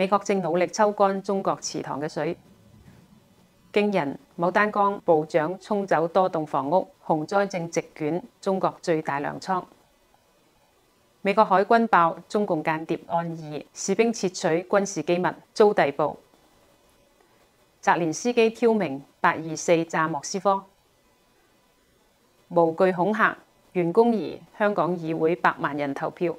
美國正努力抽乾中國池塘嘅水，驚人牡丹江暴漲沖走多棟房屋，洪災正席，席捲中國最大糧倉。美國海軍爆中共間諜案，二士兵竊取軍事機密遭逮捕。澤連斯基挑明八二四炸莫斯科，無懼恐嚇。袁弓夷香港議會百萬人投票。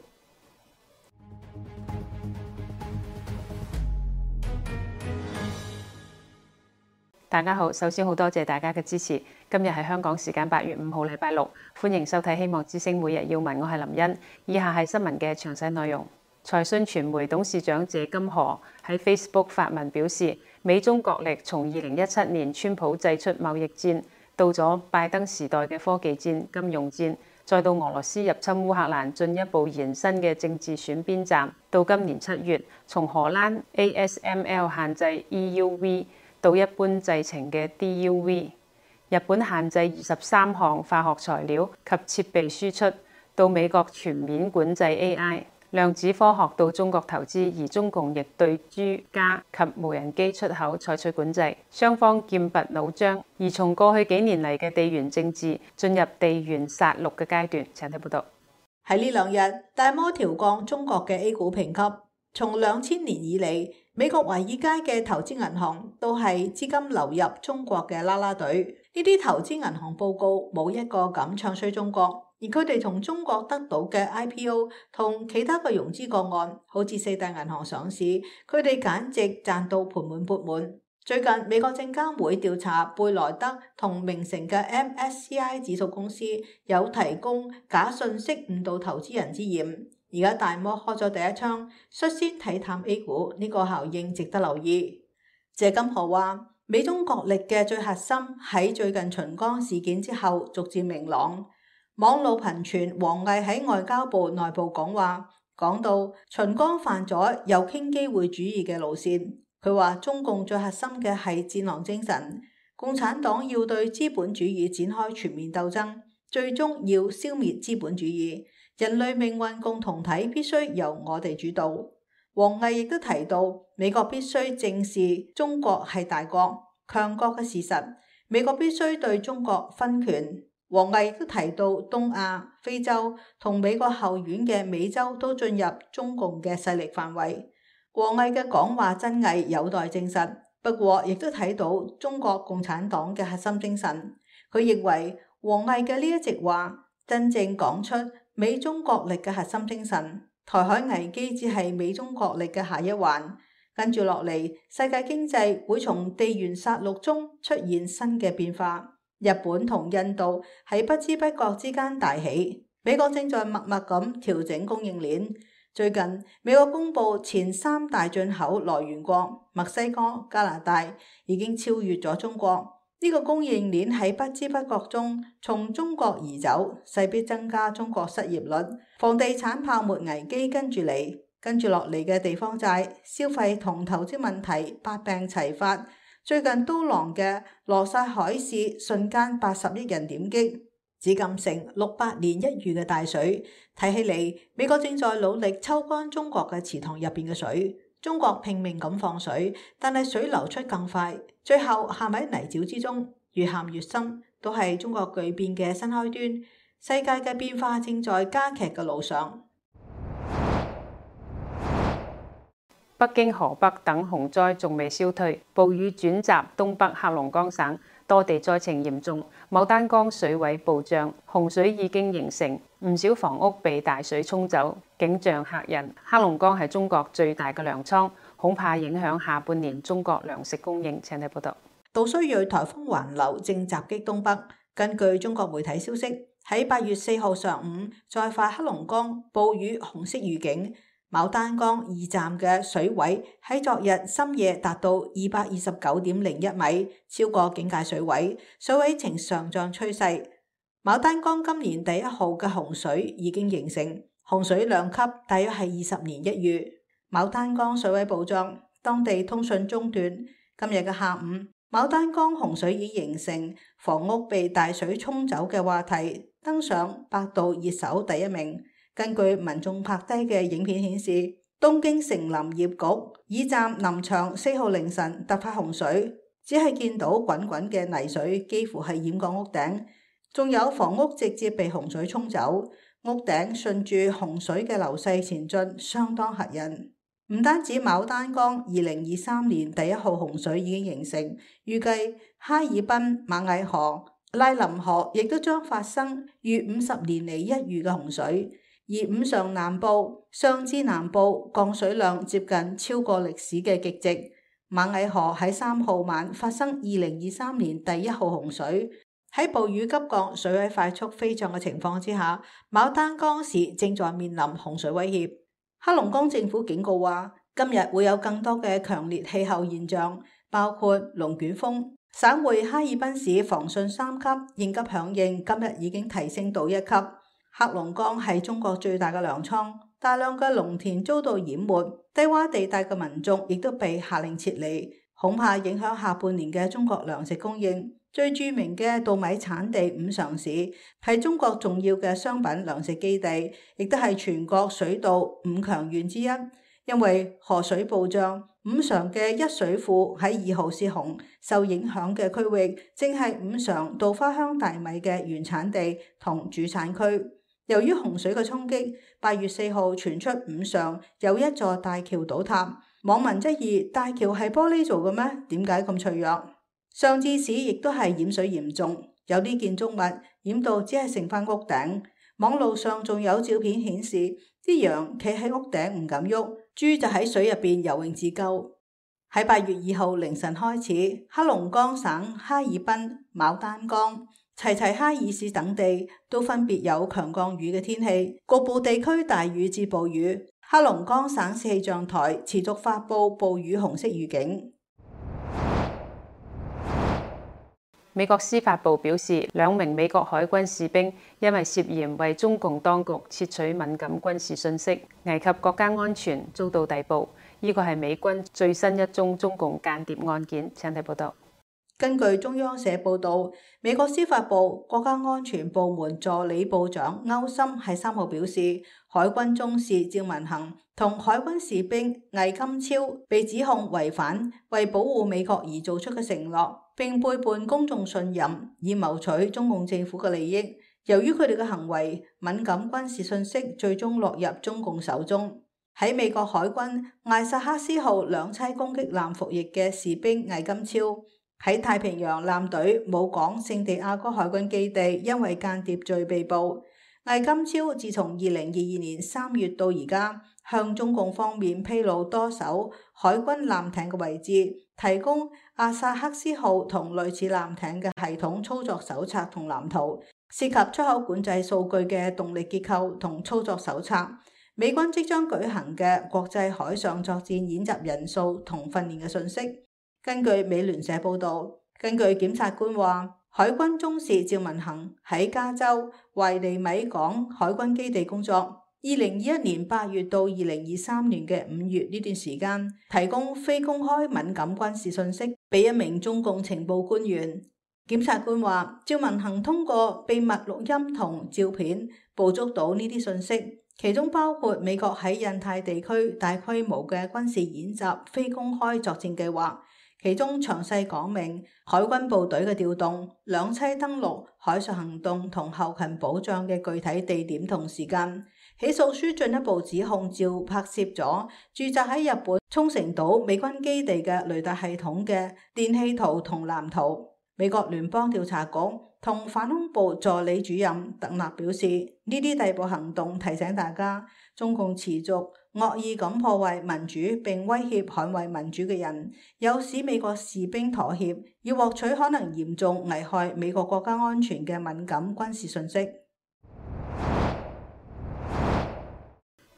大家好，首先好多謝大家嘅支持。今日係香港時間八月五號，禮拜六，歡迎收睇《希望之聲》每日要聞。我係林茵。以下係新聞嘅詳細內容。財訊傳媒董事長謝金河喺 Facebook 發文表示，美中角力從二零一七年川普祭出貿易戰，到咗拜登時代嘅科技戰、金融戰，再到俄羅斯入侵烏克蘭，進一步延伸嘅政治選邊站。到今年七月，從荷蘭 ASML 限制 EUV。到一般製程嘅 DUV，日本限制二十三項化學材料及設備輸出，到美國全面管制 AI 量子科學，到中國投資，而中共亦對鍺鎵及無人機出口採取管制，雙方劍拔弩張。而從過去幾年嚟嘅地緣政治，進入地緣殺戮嘅階段。請睇報道。喺呢兩日，大摩調降中國嘅 A 股評級，從兩千年以嚟。美國華爾街嘅投資銀行都係資金流入中國嘅啦啦隊，呢啲投資銀行報告冇一個敢唱衰中國，而佢哋從中國得到嘅 IPO 同其他嘅融資個案，好似四大銀行上市，佢哋簡直賺到盆滿缽滿。最近美國證監會調查貝萊德同明晟嘅 MSCI 指數公司，有提供假信息誤導投資人之嫌。而家大摩開咗第一槍，率先睇淡 A 股，呢、這個效應值得留意。謝金河話，美中角力嘅最核心喺最近秦剛事件之後逐漸明朗。網路頻傳王毅喺外交部內部講話，講到秦剛犯咗右傾機會主義嘅路線。佢話中共最核心嘅係戰狼精神，共產黨要對資本主義展開全面鬥爭，最終要消滅資本主義。人類命運共同體必須由我哋主導。王毅亦都提到，美國必須正視中國係大國、強國嘅事實。美國必須對中國分權。王毅亦都提到，東亞、非洲同美國後院嘅美洲都進入中共嘅勢力範圍。王毅嘅講話真偽有待證實，不過亦都睇到中國共產黨嘅核心精神。佢認為王毅嘅呢一席話真正講出。美中角力嘅核心精神，台海危機只係美中角力嘅下一環。跟住落嚟，世界經濟會從地緣殺戮中出現新嘅變化。日本同印度喺不知不覺之間大起，美國正在默默咁調整供應鏈。最近，美國公布前三大進口來源國，墨西哥、加拿大已經超越咗中國。呢個供應鏈喺不知不覺中從中國移走，勢必增加中國失業率，房地產泡沫危機跟住嚟，跟住落嚟嘅地方債、消費同投資問題百病齊發。最近刀郎嘅羅剎海市，瞬間八十億人點擊，紫禁城六百年一遇嘅大水。睇起嚟，美國正在努力抽乾中國嘅池塘入邊嘅水。中國拼命咁放水，但係水流出更快，最後陷喺泥沼之中，越陷越深，都係中國巨變嘅新開端。世界嘅變化正在加劇嘅路上。北京、河北等洪災仲未消退，暴雨轉襲東北黑龍江省，多地災情嚴重，牡丹江水位暴漲，洪水已經形成。唔少房屋被大水沖走，景象，嚇人。黑龍江係中國最大嘅糧倉，恐怕影響下半年中國糧食供應，請你報道。杜蘇芮台風環流正襲擊東北。根據中國媒體消息，喺八月四號上，上午，再發黑龍江暴雨紅色預警。牡丹江二站嘅水位喺昨日深夜達到二百二十九點零一米，超過警戒水位，水位呈上漲趨勢。牡丹江今年第一號嘅洪水已經形成，洪水量級大約係二十年一遇。牡丹江水位暴漲，當地通訊中斷。今日嘅下午，牡丹江洪水已形成，形成房屋被大水沖走嘅話題登上百度熱搜第一名。根據民眾拍低嘅影片顯示，東京城林業局以站林場四號凌晨突發洪水，只係見到滾滾嘅泥水，幾乎係淹過屋頂。仲有房屋直接被洪水沖走，屋頂順住洪水嘅流勢前進，相當嚇人。唔單止牡丹江二零二三年第一號洪水已經形成，預計哈爾濱、螞蟻河、拉林河亦都將發生逾五十年嚟一遇嘅洪水。而五常南部、尚志南部降水量接近超過歷史嘅極值。螞蟻河喺三號晚發生二零二三年第一號洪水。喺暴雨急降、水位快速飛漲嘅情況之下，牡丹江市正在面臨洪水威脅。黑龍江政府警告話，今日會有更多嘅強烈氣候現象，包括龍捲風。省會哈爾濱市防汛三級應急響應，今日已經提升到一級。黑龍江係中國最大嘅糧倉，大量嘅農田遭到淹沒，低窪地帶嘅民眾亦都被下令撤離。恐怕影響下半年嘅中國糧食供應。最著名嘅稻米產地五常市，係中國重要嘅商品糧食基地，亦都係全國水稻五強縣之一。因為河水暴漲，五常嘅一水庫喺二號泄洪，受影響嘅區域正係五常稻花香大米嘅原產地同主產區。由於洪水嘅衝擊，八月四號傳出五常有一座大橋倒塌。網民質疑：大橋係玻璃做嘅咩？點解咁脆弱？尚志市亦都係淹水嚴重，有啲建築物淹到只係剩翻屋頂。網路上仲有照片顯示，啲羊企喺屋頂唔敢喐，豬就喺水入邊游泳自救。喺八月二號凌晨開始，黑龍江省哈爾濱、牡丹江、齊齊哈爾市等地都分別有強降雨嘅天氣，局部地區大雨至暴雨。黑龍江省氣象台持續發佈暴雨紅色預警。美國司法部表示，兩名美國海軍士兵因為涉嫌為中共當局竊取敏感軍事信息，危及國家安全，遭到逮捕。呢個係美軍最新一宗中共間諜案件。請睇報道。根據中央社報道，美國司法部國家安全部門助理部長歐森喺三號表示，海軍中士趙文恒同海軍士兵魏金超被指控違反為保護美國而做出嘅承諾，並背叛公眾信任以謀取中共政府嘅利益。由於佢哋嘅行為，敏感軍事信息最終落入中共手中。喺美國海軍艾薩克斯號兩棲攻擊艦服役嘅士兵魏金超，喺太平洋艦隊武港聖地亞哥海軍基地，因為間諜罪被捕。魏金超自從二零二二年三月到而家，向中共方面披露多艘海軍艦艇嘅位置，提供阿薩克斯號同類似艦艇嘅系統操作手冊同藍圖，涉及出口管制數據嘅動力結構同操作手冊。美軍即將舉行嘅國際海上作戰演習人數同訓練嘅信息，根據美聯社報道，根據檢察官話。海軍中士趙文恒喺加州維尼米港海軍基地工作，二零二一年八月到二零二三年嘅五月呢段時間，提供非公開敏感軍事信息俾一名中共情報官員。檢察官話，趙文恒通過秘密錄音同照片捕捉到呢啲信息，其中包括美國喺印太地區大規模嘅軍事演習、非公開作戰計劃。其中詳細講明海軍部隊嘅調動、兩棲登陸、海上行動同後勤保障嘅具體地點同時間。起訴書進一步指控照拍攝咗駐紮喺日本沖繩島美軍基地嘅雷達系統嘅電氣圖同藍圖。美國聯邦調查局同反恐部助理主任特納表示，呢啲逮捕行動提醒大家。中共持續惡意噉破壞民主並威脅捍衞民主嘅人，誘使美國士兵妥協，要獲取可能嚴重危害美國國家安全嘅敏感軍事信息。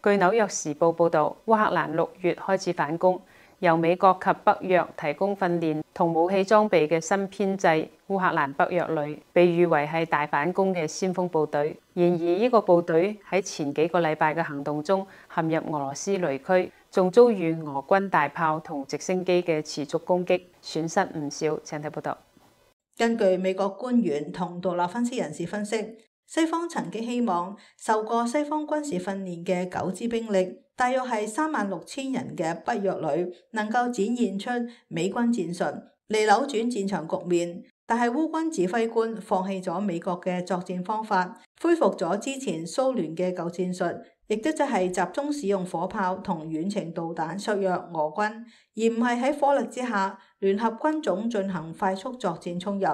據紐約時報報道，烏克蘭六月開始反攻，由美國及北約提供訓練同武器裝備嘅新編制。烏克蘭北約旅被譽為係大反攻嘅先鋒部隊，然而呢個部隊喺前幾個禮拜嘅行動中陷入俄羅斯雷區，仲遭遇俄軍大炮同直升機嘅持續攻擊，損失唔少。請睇報道。根據美國官員同獨立分析人士分析，西方曾經希望受過西方軍事訓練嘅九支兵力，大約係三萬六千人嘅北約旅，能夠展現出美軍戰術嚟扭轉戰場局面。但係烏軍指揮官放棄咗美國嘅作戰方法，恢復咗之前蘇聯嘅舊戰術，亦都即係集中使用火炮同遠程導彈削弱俄軍，而唔係喺火力之下聯合軍種進行快速作戰衝入。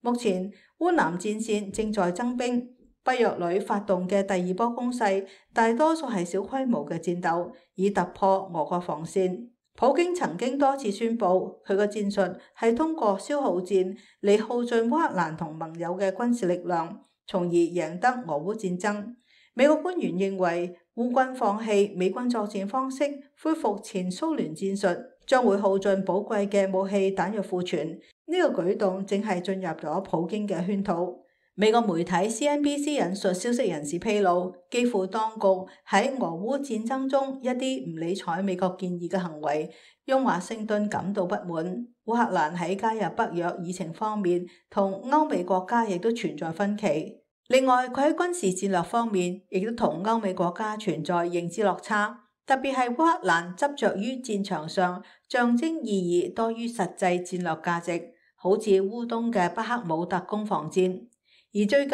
目前烏南戰線正在增兵，北約旅發動嘅第二波攻勢，大多數係小規模嘅戰鬥，以突破俄國防線。普京曾經多次宣佈，佢嘅戰術係通過消耗戰嚟耗盡烏克蘭同盟友嘅軍事力量，從而贏得俄烏戰爭。美國官員認為，烏軍放棄美軍作戰方式，恢復前蘇聯戰術，將會耗盡寶貴嘅武器彈藥庫存。呢、這個舉動正係進入咗普京嘅圈套。美國媒體 CNBC 引述消息人士披露，基輔當局喺俄烏戰爭中一啲唔理睬美國建議嘅行為，讓華盛頓感到不滿。烏克蘭喺加入北約議程方面，同歐美國家亦都存在分歧。另外，佢喺軍事戰略方面，亦都同歐美國家存在認知落差，特別係烏克蘭執着於戰場上象徵意義多於實際戰略價值，好似烏東嘅北克姆特攻防戰。而最近，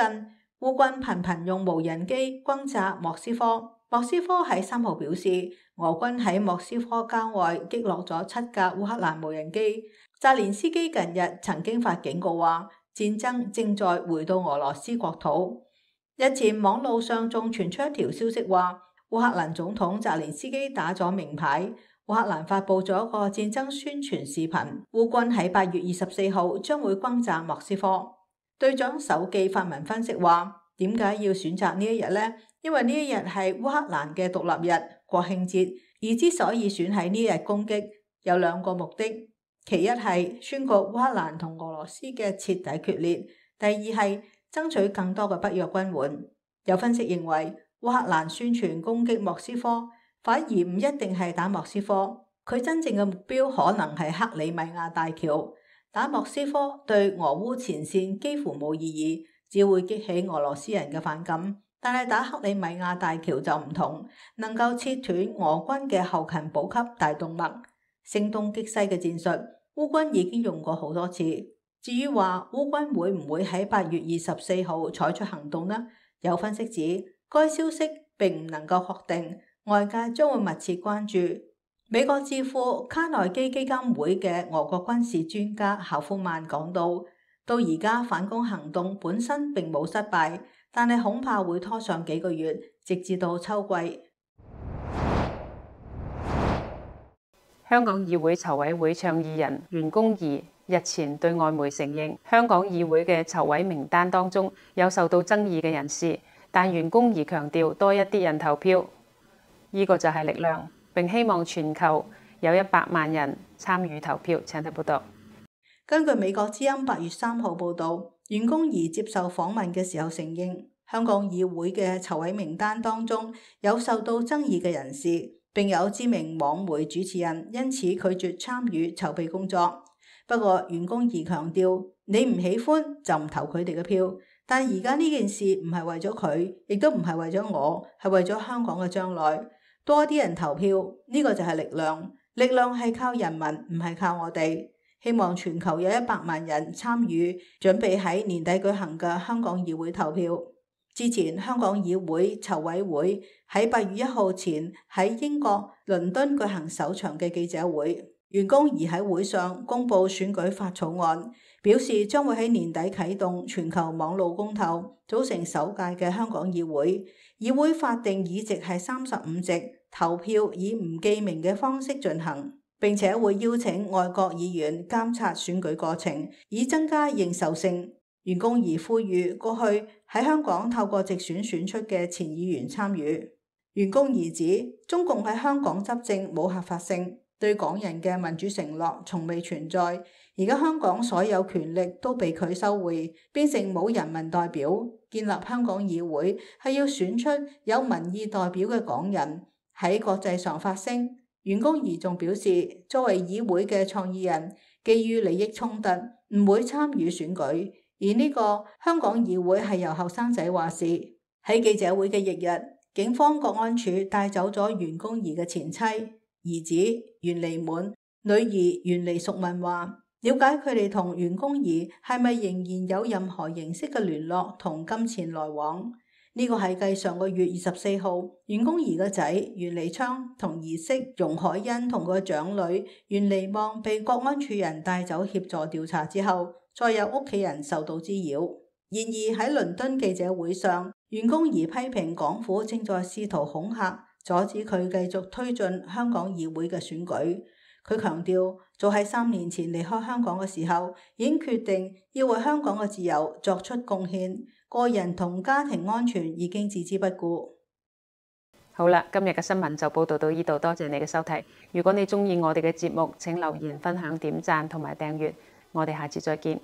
烏軍頻頻用無人機轟炸莫斯科。莫斯科喺三號表示，俄軍喺莫斯科郊外擊落咗七架烏克蘭無人機。澤連斯基近日曾經發警告話，戰爭正在回到俄羅斯國土。日前網路上仲傳出一條消息話，烏克蘭總統澤連斯基打咗明牌，烏克蘭發布咗一個戰爭宣傳視頻，烏軍喺八月二十四號將會轟炸莫斯科。隊長手記發文分析話，點解要選擇呢一日呢？因為呢一日係烏克蘭嘅獨立日國慶節，而之所以選喺呢日攻擊，有兩個目的。其一係宣告烏克蘭同俄羅斯嘅徹底決裂；第二係爭取更多嘅北約軍援。有分析認為，烏克蘭宣傳攻擊莫斯科，反而唔一定係打莫斯科，佢真正嘅目標可能係克里米亞大橋。打莫斯科對俄烏前線幾乎冇意義，只會激起俄羅斯人嘅反感。但係打克里米亞大橋就唔同，能夠切斷俄軍嘅後勤補給大動脈，聲東擊西嘅戰術烏軍已經用過好多次。至於話烏軍會唔會喺八月二十四號採取行動呢？有分析指，該消息並唔能夠確定，外界將會密切關注。美國智庫卡內基基金會嘅俄國軍事專家考夫曼講到，到而家反攻行動本身並冇失敗，但係恐怕會拖上幾個月，直至到秋季。香港議會籌委會倡議人袁弓夷日前對外媒承認，香港議會嘅籌委名單當中有受到爭議嘅人士，但袁弓夷強調多一啲人投票，呢個就係力量。並希望全球有一百萬人參與投票。請睇報道。根據美國之音八月三號報導，袁弓夷接受訪問嘅時候承認，香港議會嘅籌委名單當中有受到爭議嘅人士，並有知名網媒主持人因此拒絕參與籌備工作。不過，袁弓夷強調：你唔喜歡就唔投佢哋嘅票，但而家呢件事唔係為咗佢，亦都唔係為咗我，係為咗香港嘅將來。多啲人投票，呢個就係力量。力量係靠人民，唔係靠我哋。希望全球有一百萬人參與，準備喺年底舉行嘅香港議會投票。之前香港議會籌委會喺八月一號前喺英國倫敦舉行首場嘅記者會，袁弓夷喺會上公布選舉法草案。表示將會喺年底啟動全球網路公投，組成首屆嘅香港議會。議會法定議席係三十五席，投票以唔記名嘅方式進行。並且會邀請外國議員監察選舉過程，以增加認受性。袁弓夷呼籲過去喺香港透過直選選出嘅前議員參與。袁弓夷指中共喺香港執政冇合法性。對港人嘅民主承諾從未存在，而家香港所有權力都被佢收回，變成冇人民代表。建立香港議會係要選出有民意代表嘅港人喺國際上發聲。袁弓夷仲表示，作為議會嘅倡議人，基於利益衝突唔會參與選舉。而呢個香港議會係由後生仔話事。喺記者會嘅翌日，警方國安處帶走咗袁弓夷嘅前妻。兒子袁彌滿、女兒袁彌淑問話，了解佢哋同袁弓夷係咪仍然有任何形式嘅聯絡同金錢來往？呢個係繼上個月二十四號袁弓夷嘅仔袁彌昌同兒媳容海恩同個長女袁彌望被國安處人帶走協助調查之後，再有屋企人受到滋擾。然而喺倫敦記者會上，袁弓夷批評港府正在試圖恐嚇阻止佢繼續推進香港議會嘅選舉。佢強調，早喺三年前離開香港嘅時候，已經決定要為香港嘅自由作出貢獻，個人同家庭安全已經置之不顧。好啦，今日嘅新聞就報道到呢度，多謝你嘅收睇。如果你鍾意我哋嘅節目，請留言分享、點讚同埋訂閱。我哋下次再見。